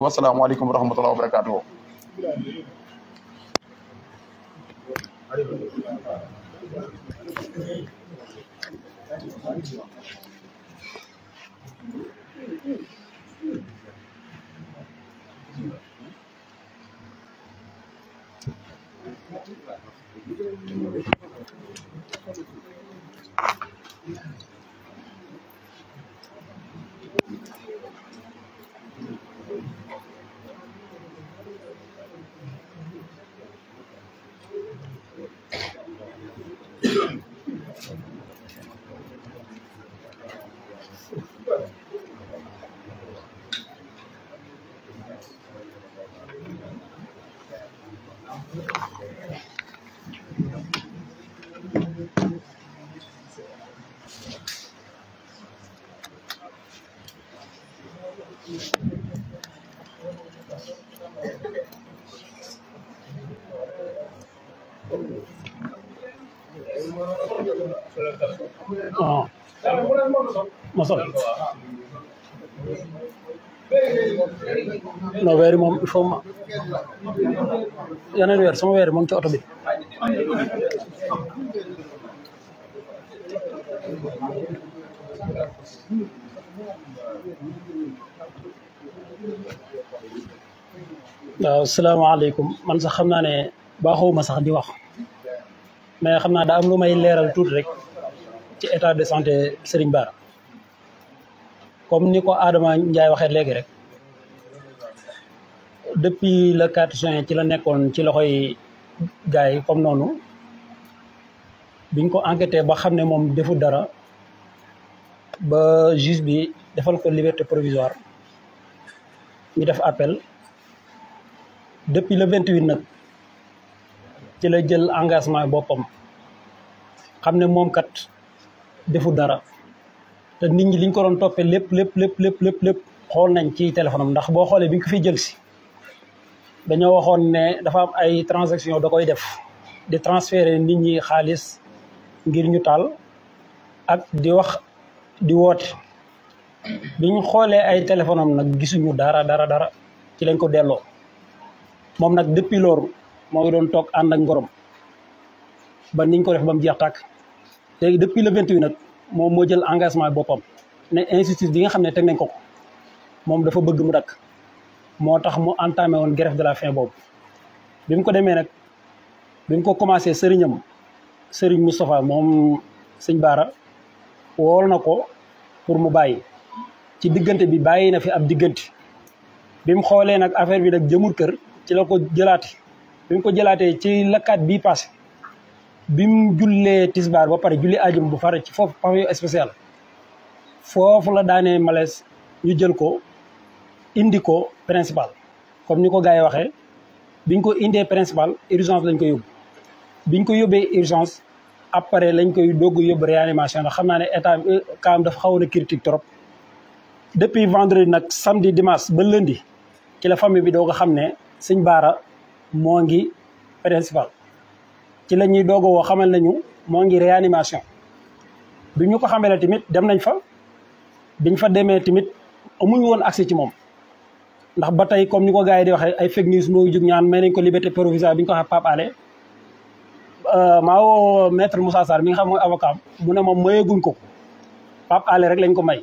wasalaamaaleykum wa rahmatulah wa barakaatu. ああ。まあそうです。non weer yi moom il faut ma yeneen weer sama weer yi mu ngi ci oto bi. waaw salaamaaleykum man sax xam naa ne baaxoo sax di wax mais xam naa daa am lu may leeral tuuti rek ci état de santé Serigne Bara. comme ni ko Adama Ndiaye waxee léegi rek depuis le 4 juin ci la nekkoon ci loxoy gars yi comme noonu biñ ko enquêté ba xam ne moom defu dara ba juge bi defal ko liberté provisoire ñu def appel depuis le 28 nag ci la jël engagement boppam xam ne moom kat defu dara. te nit ñi liñ ko doon toppee lépp lépp lépp lépp lépp lépp xool nañ ci téléphone am ndax boo xoolee bi nga ko fiy jël si dañoo waxoon ne dafa am ay transaction da koy def di transférer nit ñi xaalis ngir ñu taal ak di wax di woote biñ xoolee ay téléphone nag gisuñu dara dara dara ci lañ ko delloo moom nag depuis loolu moo ngi doon toog ànd ak ngorom ba niñ ko def ba mu jeex tàkk léegi depuis le 28 nag. moom moo jël engagement boppam ne injustice bi nga xam ne teg nañ ko ko moom dafa bëgg mu dakk moo tax mu entamé woon grève de la fin boobu bi mu ko demee nag bi mu ko commencé sëriñam sëriñ Moustapha moom sëñ Baara wool na ko pour mu bàyyi ci diggante bi bàyyi na fi ab diggante bi mu xoolee nag affaire bi nag jëmul kër ci la ko jëlaate bi ko jëlaatee ci lakkaat bii passé bi mu jullee tisbaar ba pare julli ajum bu fare ci foofu pavillon spécial foofu la daanee malaise ñu jël ko indi ko principal comme ni ko gars yi waxee biñ ko indee principal urgence lañ koy yóbbu biñ ko yóbbee urgence après lañ koy dogg yóbbu réanimation ndax xam naa ne état kaam euh, dafa xaw a critique trop depuis vendredi nag samedi dimanche ba lundi ci la famille bi doo xam ne sëñ baara moo ngi principal ci la ñuy doog woo xamal nañu moo ngi réanimation bi ñu ko xamale tamit dem nañ fa biñ fa demee tamit amuñu woon accès ci moom ndax ba tey comme ni ko gars yi di waxee ay fake news moo jog ñaan may nañ ko liberté provisoire bi ñu ko waxee Pape Alé euh, maa woo mi nga xam mooy avocat mu ne moom mayeeguñ ko Pape Alé ko may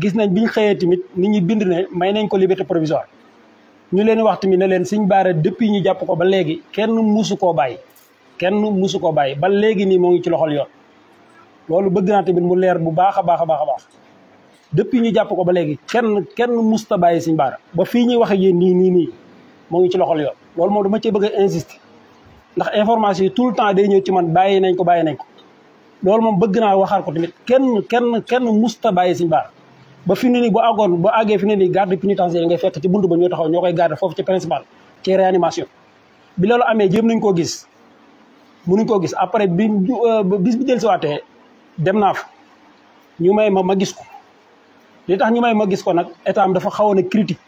gis nañ biñ xëyee tamit nit ñi bind ne may nañ ko liberté provisoire ñu leen wax tamit ne leen Sëñ Bara depuis ñu jàpp ko ba léegi kenn mësu koo bàyyi kenn musu ko bàyyi ba léegi nii moo ngi ci loxol yoon loolu bëgg naa tamit mu leer bu baax a baax a baax a baax depuis ñu jàpp ko ba léegi kenn kenn musta bàyyi Sëñ baar ba fii ñuy wax yéen nii nii nii moo ngi ci loxol yoon loolu moom dama cee bëgg a ndax information yi tout le temps day ñëw ci man bàyyi nañ ko bàyyi nañ ko loolu moom bëgg naa waxaat ko tamit kenn kenn kenn musta bàyyi Sëñ Baara ba fi ne nii bu àggoon bu àggee fi ne nii garde pénitentiaire ngay fekk ci bunt ba ñoo taxaw ñoo koy garde foofu ci principal ci réanimation bi loolu amee jéem nañ koo gis mënuñ koo gis après bi euh, bis bi del siwaatee dem naa fa ñu may ma ma gis ko li tax ñu may ma gis ko nag état dafa xawoon a critique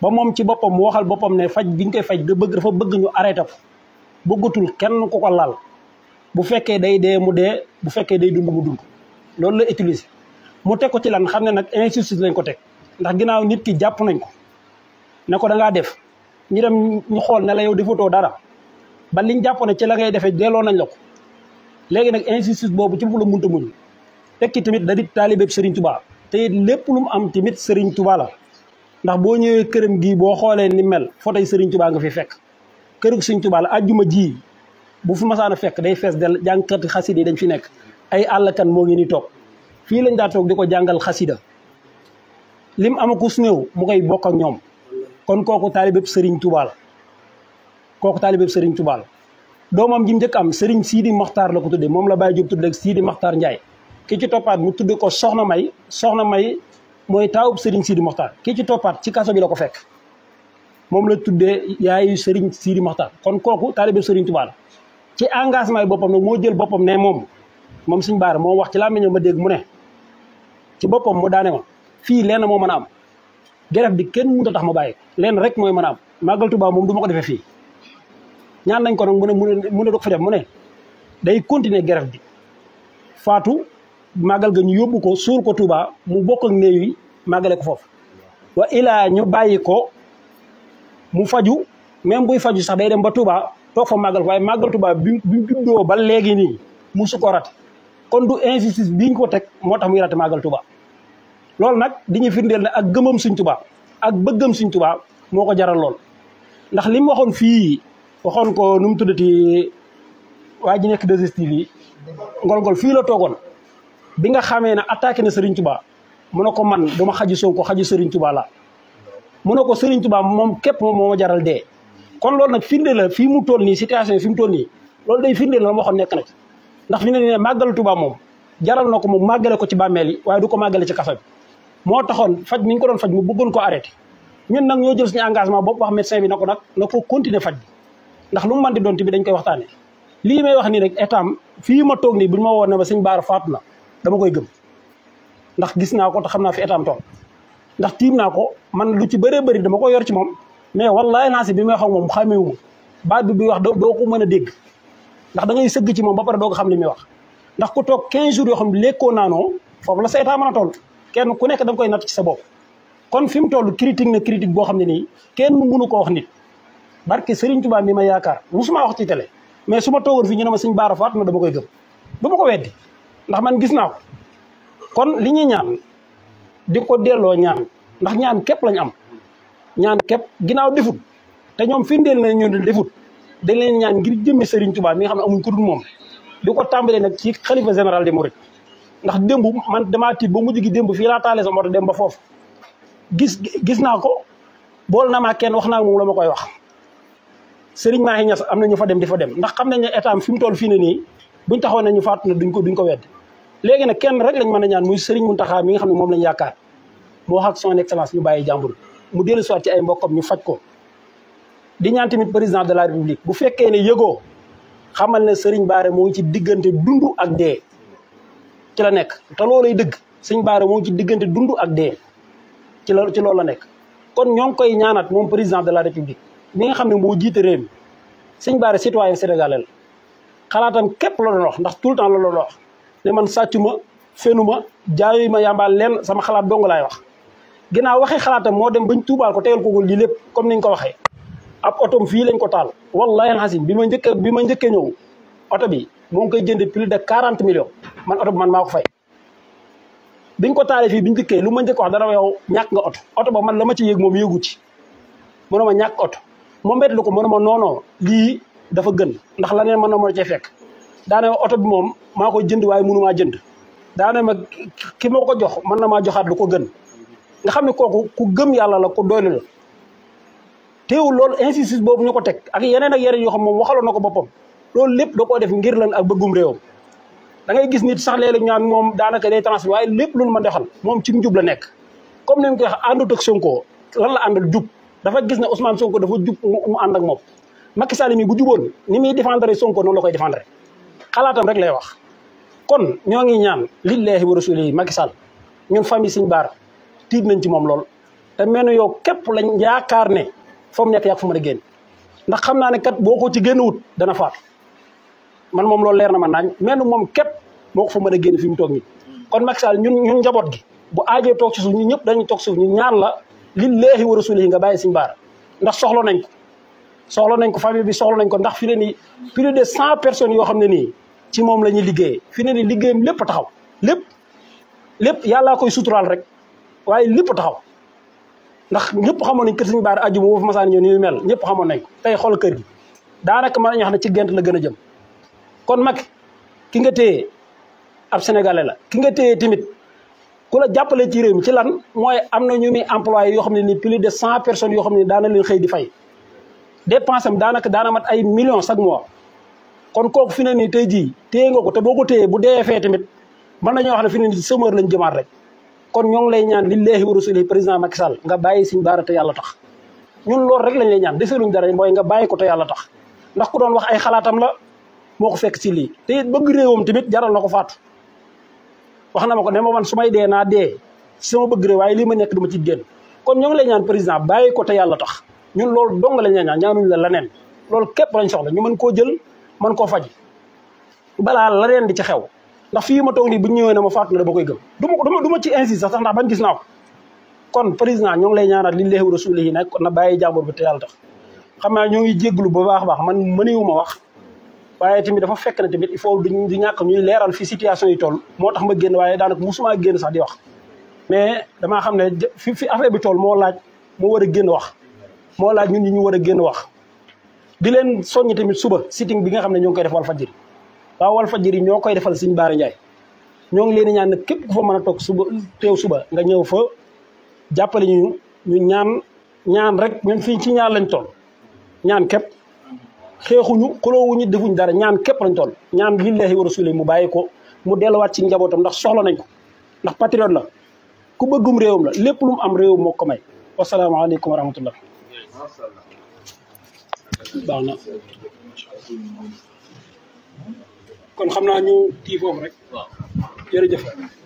ba moom ci boppam mu waxal boppam ne faj biñ koy faj da bëgg dafa bëgg ñu arrêté ko bëggatul kenn ku ko laal bu fekkee day dee mu dee bu fekkee day dund mu dund loolu la utiliser mu teg ko ci lan xam ne nag injustice lañ ko teg ndax ginnaaw nit ki jàpp nañ ko ne ko da def ñu dem ñu xool na la yow defatoo dara ba liñ jàppoon ci la ngay defee delloo nañ la ko léegi nag injustice boobu ci fu la munta muñ tekki tamit da di taalibeeb Serigne Touba te lépp lu am tamit Serigne Touba ndax boo ñëwee këram gii boo xoolee ni mel foto yi Serigne nga fi fekk kërug Serigne Touba la ajjuma ji bu fi masaan a fekk day fees del jàngkati xasida yi dañ fi nekk ay àllkan moo ngi ni toog fii lañ daa toog di ko jàngal xasida lim am akus néew mu koy bokk ak ñoom kon kooku taalibeeb Serigne Touba kooku taalibeeb Serigne Touba la doomam ji njëkk am Serigne siidi Maxtaar la ko tuddee moom la Baye Diop tuddee Sidi Maxtaar Ndiaye ki ci toppaat mu tuddee ko Soxna May Soxna May mooy taawub Serigne Sidi Maxtaar kii ci toppaat ci kaso bi la ko fekk moom la tuddee yaayu Serigne Sidi Maxtaar kon kooku taalibeeb Serigne Touba ci engagement yi boppam nag moo jël boppam ne moom moom suñu baara moo wax ci laa meññoo ma dégg mu ne ci boppam mu daane ma fii lenn moo mën a am geref bi kenn mënut a tax ma bàyyi lenn rek mooy mën a am màggal Tuubaa moom du ma ko defee fii. ñaan nañ ko nag mu ne mu ne du ko fa jot mu ne day continuer grève bi faatu màggal ga ñu yóbbu ko suur ko Touba mu bokk ak néew màggale ko foofu wa ilaa ñu bàyyi ko mu faju même buy faju sax day dem ba Touba toog fa màggal ko waaye màggal Touba bi bi juddoo ba léegi nii musu ko kon du injustice bi ñu ko teg moo tax muy rate màggal Touba loolu nag diñuy firndeel ne ak gëmam suñ Touba ak bëggam suñ Touba moo ko jaral lool ndax li waxoon fii waxoon ko nu mu tuddati waa ji nekk 2STV yi ngol-ngol fii la toogoon bi nga xamee ne attaqué na sëriñ Touba mu ne ko man duma xaju ko xaju sëriñ Touba la mu ne ko Serigne Touba moom képp moom moo jaral dee kon loolu nag firnde la fii mu toll nii situation fi mu toll nii loolu day firnde la la nekk na ndax fi ne ne màggal Touba moom jaral na ko moom màggale ko ci bàmmeel yi waaye du ko màggale ci kaso bi moo taxoon faj mi ñu ko doon faj mu bëggoon ko arrêté ñun nag ñoo jël suñu engagement bopp wax médecin bi na ko nag na ko continuer faj bi ndax lu mu mën di doon tamit dañ koy waxtaanee lii may wax nii rek état am fii ma toog nii bu ma woo ne ma sëñ Baara faatu na dama koy gëm ndax gis naa ko te xam naa fi état am ndax tiim naa ko man lu ci bëree bëri dama ko yor ci moom mais wallaahi naa si bi may wax ak moom xameewu baat bi wax doo ko mën a dégg ndax da ngay sëgg ci moom ba pare doo xam li muy wax ndax ku toog 15 jours yoo xam ne lekkoo naanoo foofu la a toll kenn ku nekk da koy natt ci sa bopp kon fi mu toll critique na critique boo xam ne nii kenn mënu ko wax nit barke Serigne tubaa mi ma yaakaar musuma wax ci télé mais su ma toogoon fii ñu ne ma sëñ Bara faatu na dama koy gëm du ndax man gis naa ko kon li ñuy ñaan di ko delloo ñaan ndax ñaan képp lañ am ñaan képp ginnaaw defut te ñoom firndeel na ñu defut dañ leen ñaan ngir jëmme Serigne Touba mi nga xam ne amuñ ko moom di ko tàmbalee nag ci xalifa général des Mourides ndax démb man damaa tiit ba mujj gi démb fii laa taalee sama dem ba foofu gis gis naa ko bool na maa kenn wax naa moom la ma koy wax Serigne Mahi Niass am na ñu fa dem di fa dem ndax xam nañ ne état am fi mu toll fii ne nii buñ taxoon ne ñu faatu na duñ ko duñ ko wedd léegi nag kenn rek lañ mën a ñaan muy Serigne Mountakha mi nga xam ne moom lañ yaakaar moo wax ak son excellence ñu bàyyi mu dellu soit ci ay mbokkam ñu faj ko di ñaan tamit président de la république bu fekkee ne yëgoo xamal ne Serigne Bara moo ngi ci diggante dund ak dee ci la nekk te loolay dëgg Serigne Bara moo ngi ci diggante dund ak dee ci la ci loolu la nekk kon ñoo ngi koy ñaanat moom président de la république mi nga xam ne moo jiite réew mi sëñ Bara citoyen sénégalais xalaatam képp la doon wax ndax tout le temps la doon wax ne man sàccuma fenuma jaayu ma yàmbaal leen sama xalaat dong laay wax ginnaaw waxee xalaatam moo dem bañ tuubaal ko tegal ko lii lépp comme niñ ko waxee ab otom fii lañ ko taal wallahi alhasim bi ma njëkkee bi ma njëkkee ñëw oto bi moom ngi koy jënd plus de 40 millions man oto bi man maa ko fay biñ ko taalee fii biñ njëkkee lu ma njëkk wax dara yow ñàkk nga oto oto ba man la ma ci yéeg moom ci mu ma ñàkk oto moom betlu ko mëna ma noonoo lii dafa gën ndax la neen mën na moo cee fekk daane ma oto bi moom maa koy jënd waaye mënumaa jënd daane ma ki ma ko jox mën na maa joxaat lu ko gën nga xam ne kooku ku gëm yàlla la ko doylu la teewul loolu insistus boobu ñu ko teg ak yeneen ak yeneen yoo xam moom waxaloon na ko boppam loolu lépp koo def ngir lan ak bëggum réewam da ngay gis nit sax léeg-léeg moom daanaka day transfert waaye lépp lu ma mën moom ci njub la nekk comme ni mu koy wax àndut ak Sonko la àndal jub dafa gis ne Ousmane Sonko dafa jub mu ànd ak moom Macky Sall mi bu juboon ni muy défendre Sonko noonu la koy défendre xalaatam rek lay wax kon ñoo ngi ñaan lillahi wa rasuli Macky Sall ñun famille Sëñ Bara tiit nañ ci moom lool te mel yow képp lañ yaakaar ne fa mu nekk yàgg fu mën a génn ndax xam naa ne kat boo ko ci génn wut dana faatu man moom lool leer na ma naañ mel moom képp moo ko fa mën a génn fi mu toog nii kon Macky Sall ñun ñun njaboot gi bu aajee toog ci ñëpp dañuy toog ñu ñaan la li lillahi wa rasulihi nga bàyyi siñ baara ndax soxla nañ ko soxla nañ ko famille bi soxla nañ ko ndax fi ne nii de cent personnes yoo xam ne nii ci moom la ñuy liggéeyee fi ne nii lépp taxaw lépp lépp yàllaa koy sutural rek waaye lépp taxaw ndax ñëpp xamoon nañ kër siñ baara aju bu fa masaan ñoo ni mel ñëpp xamoon nañ ko tey xool kër gi daanaka ma nañu wax ne ci gent la gën a jëm kon mag ki nga téye ab sénégalais la ki nga téye tamit ku la jàppale ci réew mi ci lan mooy am na ñu muy employé yoo xam ne ni plus de cent personnes yoo xam ne daana leen xëy di fay dépense am daanaka daana mat ay million chaque mois kon kooku fi ne nii tey jii téye nga ko te boo ko téyee bu dee fee tamit mën nañoo wax ne fi ne nii chômeur lañ jëmaat rek kon ñoo ngi lay ñaan lillahi wa rasulihi président Macky Sall nga bàyyi Sëñ Bara yàlla tax ñun loolu rek lañ lay ñaan deseluñ dara mooy nga bàyyi ko te yàlla tax ndax ku doon wax ay xalaatam la moo ko fekk ci lii te it bëgg réewam tamit jaral na ko faatu wax na ma ko ne moo man su may dee naa dee sama bëgg rek waaye lii ma nekk dama ci génn kon ñoo ngi ñaan président bàyyi yàlla tax ñun loolu dong lañ la ñaan ñaanuñ la leneen loolu képp lañ soxla ñu mën koo jël man koo faj balaa leneen di ci xew ndax fii ma toog nii bu ñëwee ne ma faatu na dama koy gëm du ma du ma ci insiste sax ndax man gis naa ko kon président ñoo ngi lay ñaanal lillahi wa rasulihi ko na bàyyi jàmbur bi te yàlla tax xam naa ñoo ngi jégglu ba baax baax man mënewu ma wax waaye tamit dafa fekk ne tamit il faut duñ di ñàkk ñuy leeral fi situation yi tool moo tax ma génn waaye daanaka musuma génn sax di wax mais damaa xam ne fi fi affaire bi tool moo laaj moo war a génn wax moo laaj ñun ñi ñu war a génn wax di leen soññi tamit suba sitting bi nga xam ne ñoo ngi koy def Walfadjri waaw Walfadjri ñoo koy defal Serigne Bara Ndiaye ñoo ngi leen ñaan nag képp ku fa mën a toog suba teew suba nga ñëw fa jàppale ñu ñu ñaan ñaan rek même fii ci ñaan lañ tool ñaan képp xeexuñu xulóowuñu defuñ dara ñaan képp lañ toll ñaan lillahi wa rasuli mu bàyyi ko mu delluwaat ci njabootam ndax soxla nañ ko ndax patriote la ku bëggum réewam la lépp lu am réew moo ko may wasalaamaaleykum wa rahmatullah na kon xam naa ñu tii rek